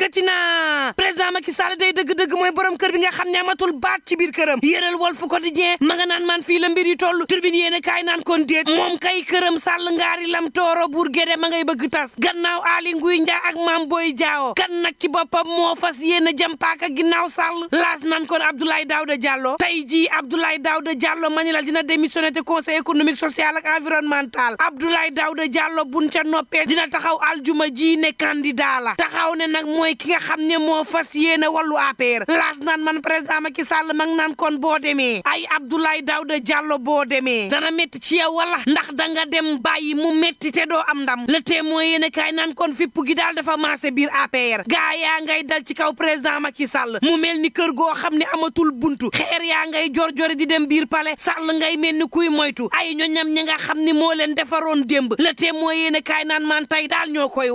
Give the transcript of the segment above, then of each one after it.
yëkkati na président Macky Sall day dëgg-dëgg mooy borom kër bi nga xam ne amatul ba ci biir këram yéenal Walf Quotidien ma nga naan man fii la mbir yi toll turbine yéen a kaay naan kon déet moom kay këram sàll ngaari lam tooro buur géde ma ngay bëgg tas gannaaw Aly Ngouille Ndiaye ak Mame Boye jaawo kan nag ci boppam moo fas yéen a jëm paaka ginnaaw sàll laas naan kon Abdoulaye Daouda Diallo tey ji Abdoulaye Daouda Diallo ma ni la dina démissionné te conseil économique social ak environnemental Abdoulaye Daouda Diallo buñ ca noppee dina taxaw aljuma ji ne candidat la taxaw ne nag mooy mooy ki nga xam ne moo fas yéene wàllu APR laas naan man président Macky Sall mag naan kon boo demee ay Abdoulaye Daouda Diallo boo demee dana métti ci yow wala ndax da nga dem bàyyi mu métti te doo am ndam le tee mooy yéene kaay nan kon fippu gi daal dafa maase biir APR gaa yaa ngay dal ci kaw président Macky Sall mu mel ni kër goo xam ne amatul buntu xeer yaa ngay jorjori di dem biir palais Sall ngay mel ni kuy moytu ay ñoñam ñi nga xam ni moo leen defaroon démb le tee mooy yéene kaay naan man daal ñoo koy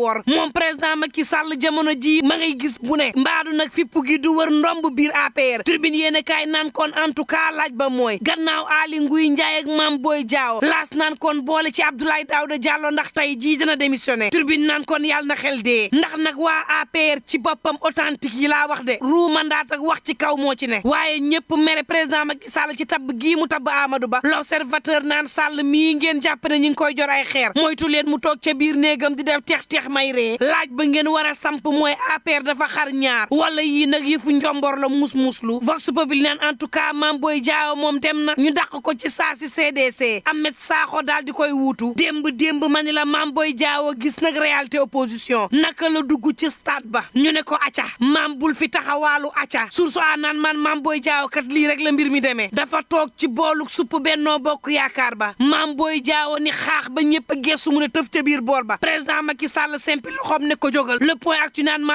lii ma gis bu ne mbaadu nag fippu du wër ndomb biir APR tribune yéen a kaay kon en tout cas laaj ba mooy gannaaw Aly nguy Ndiaye ak booy Boye Diao nan naan kon boole ci Abdoulaye Daouda Diallo ndax tey jii dina démissionné tribune naan kon yàlla na xel dee ndax nag waa APR ci boppam authentique yi laa wax de ruu mandat ak wax ci kaw moo ci ne waaye ñëpp mere président mag Sall ci tabb gii mu tabb Amadou Ba l'observateur naan Sall mii ngeen jàpp ne ñu ngi koy jor ay xeer moytu leen mu toog ca biir néegam di def teex teex may ree ba ngeen war a samp mooy APR dafa xar ñaar wala yii nag yëfu njombor la muus muuslu vox populi naan en tout cas Mame Boye Diao moom dem na ñu dàq ko ci saa si CDC Ahmed Sakho daal di koy wuutu démb démb ma ni la Mame booy jaawo gis nag réalité opposition naka la dugg ci staat ba ñu ne ko acca maam bul fi taxawaalu acca surso a naan man mam booy Diao kat lii rek la mbir mi demee dafa toog ci boolu supp bennoo bokk yaakaar ba Mame booy jaawo ni xaax ba ñëpp a mu ne tëf ca biir boor ba président Macky Sall simple loxoom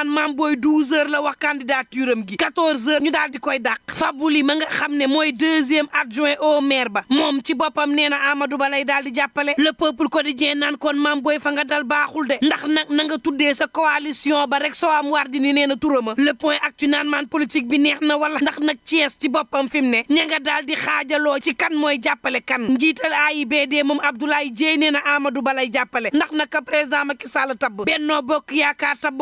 Ousmane Mame Boye 12 la wax candidature am gi 14h ñu daal di koy dàq Fabouli ma nga xam ne mooy deuxième adjoint o maire ba moom ci boppam nee na Amadou Ba lay daal di jàppale le peuple quotidien naan kon Mame Boye fa nga dal baaxul de ndax nag na nga tuddee sa coalition ba rek soo am war di ni nee na turama le point actu naan man politique bi neex na wala ndax nag Thiès ci boppam fi mu ne ña nga daal di xaajaloo ci kan mooy jàppale kan njiital AIBD moom Abdoulaye Dièye nee na Amadou Ba jàppale ndax nag président Macky Sall tabb Benno Bokk Yaakaar tabb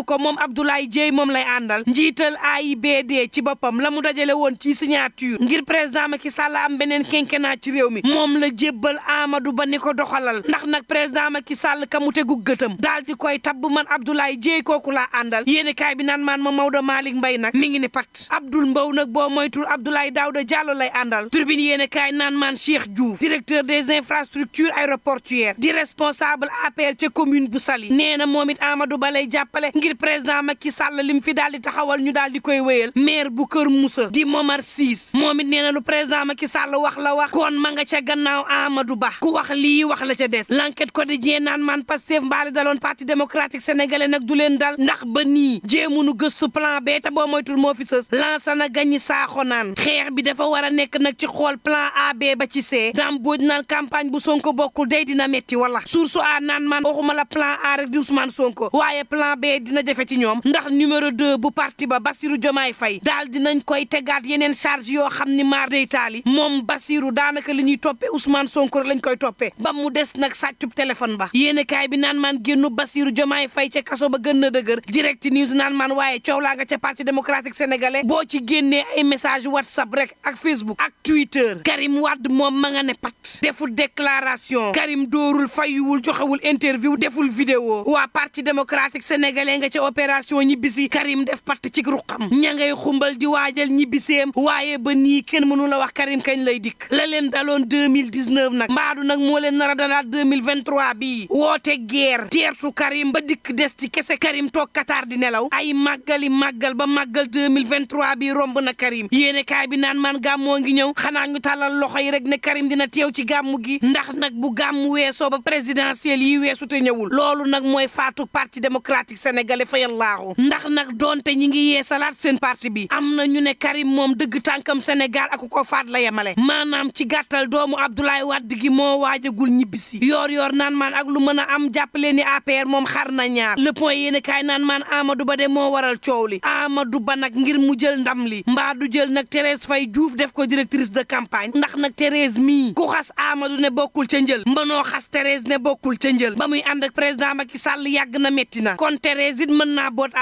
Abdoulaye Dieye moom lay àndal njiital AIBD ci boppam la mu dajale woon ci signature ngir président Macky Sall am beneen quinquennat ci réew mi moom la jébbal Amadou Ba ni ko doxalal ndax nag président Macky Sall ka mu tegu gëtam daal di koy tabb man Abdoulaye Dieye kooku laa àndal yéeni kaay bi naan maan ma Maodo Malick Mbaye nag mi ngi ne pat Abdoul mbaw nag boo moytu Abdoulaye Daouda Diallo lay àndal turbine yéeni kaay naan maan Cheikh Diouf directeur des infrastructures aéroportuaires di responsable APR ca commune bu Saly nee na moom it Amadou Ba lay jàppale président Macky Macky Sall lim fi daal di taxawal ñu daal di koy wéyal maire bu Kër Moussa di Momar Ciss moom it nee na lu président Macky Sall wax la wax kon ma nga ca gannaaw Amadou Ba ku wax lii wax la ca des l'enquête quotidien naan man Pastef mbaale daloon parti démocratique sénégalais nag du leen dal ndax ba nii jéemunu gëstu plan bee te boo moytul moo fi sës na Gagny Sakho naan xeex bi dafa war a nekk nag ci xool plan AB ba ci C daam booj naan campagne bu Sonko bokkul day dina metti wala source a naan man waxuma la plan A rek di Ousmane Sonko waaye plan B dina jafe ci ñoom ndax numéro 2 bu parti ba Bassirou Diomaye fay daal dinañ koy tegaat yeneen charge yoo xam ni maar day taali moom Bassirou daanaka li ñuy toppee Ousmane Sonko lañ koy toppee ba mu des nag sàccub téléphone ba yéen kaay bi naan maan génnu Bassirou Diomaye fay ca kaso ba gën na dëgër direct news naan maan waaye coow laa nga ca parti démocratique sénégalais boo ci génnee ay message whatsapp rek ak facebook ak twitter Karim Wade moom ma nga ne pat deful déclaration Karim doorul fayuwul joxewul interview deful vidéo waa parti démocratique sénégalais nga ca opération ñoo ñibbisi Karim def patt ci ruqam ña ngay xumbal di waajal ñibbiseem waaye ba nii kenn mënu la wax Karim kañ lay dikk la leen daloon 2019 nag mbaadu nag moo leen nar a dalaat 2023 bii woote guerre teertu Karim ba dikk des ci kese Karim toog Qatar di nelaw ay màggali màggal ba màggal 2023 bii romb na Karim yéene kaay bi naan man gàmmoo ngi ñëw xanaa ñu tàllal loxo yi rek ne Karim dina teew ci gàmm gi ndax nag bu gàmm weesoo ba présidentiel yi weesu te ñëwul loolu nag mooy faatu parti démocratique sénégalais fayal laaxu waaw ndax nag donte ñi ngi yee salaat seen parti bi am na ñu ne Karim moom dëgg tànkam Sénégal ak ko faat la yemale maanaam ci gàttal doomu Abdoulaye Wade gi moo waajagul ñibbisi yoor yoor naan maan ak lu mën a am jàppale ni APR moom xar na ñaar le point yéen kaay naan maan Amadou Ba de moo waral coow li Amadou Ba nag ngir mu jël ndam li mbaa du jël nag Thérèse Faye Diouf def ko directrice de campagne ndax nag Thérèse mii ku xas Amadou ne bokkul ca njël mbanoo xas Thérèse ne bokkul ca njël ba muy ànd président Macky Sall yàgg na métti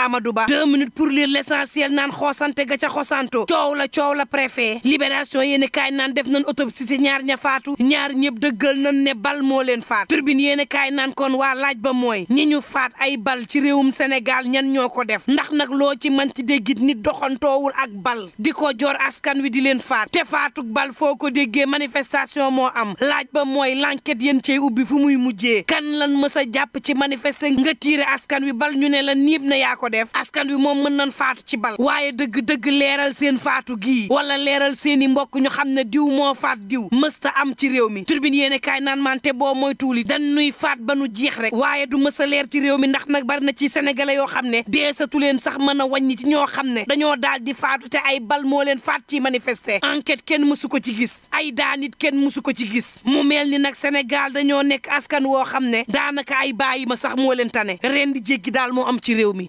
Amadou Ba deux minutes pour lire l'essentiel naan xoosante ga ca xosanto coow la coow la préfet libération yéeni kaay naan def nañ autopsie ci ñaar ña faatu ñaar ñëpp dëggal nañ ne bal moo leen faat turbine yéeni kaay naan kon waa laaj ba mooy ñi ñu faat ay bal ci réewum senegal ñan ñoo ko def ndax nag loo ci man ci déggit ni doxantoowul ak bal di ko jor askan wi di leen faat te faatug bal foo ko déggee manifestation moo am laaj ba mooy l'enquête yéen cey ubbi fu muy mujjee kan lan mës a jàpp ci manifester nga tiire askan wi bal ñu ne la niib yaa ko def askan wi moom mën nañ faatu ci bal waaye dëgg dëgg leeral seen faatu gii wala leeral seen i mbokk ñu xam ne diw moo faat diw mësta am ci réew mi turbine yéene kaay naan man te boo mooy tuuli dan nuy faat ba nu jeex rek waaye du mës a leer ci réew mi ndax nag bari na ci sénégalais yoo xam ne deesatu leen sax mën wañ ni ci ñoo xam ne dañoo daal di faatu te ay bal moo leen faat ci manifeste enquête kenn mësu ko ci gis ay daanit kenn mësu ko ci gis mu mel ni nag Sénégal dañoo nekk askan woo xam ne daanaka ay bàyyi ma sax moo leen tane ren di jéggi daal moo am ci réew mi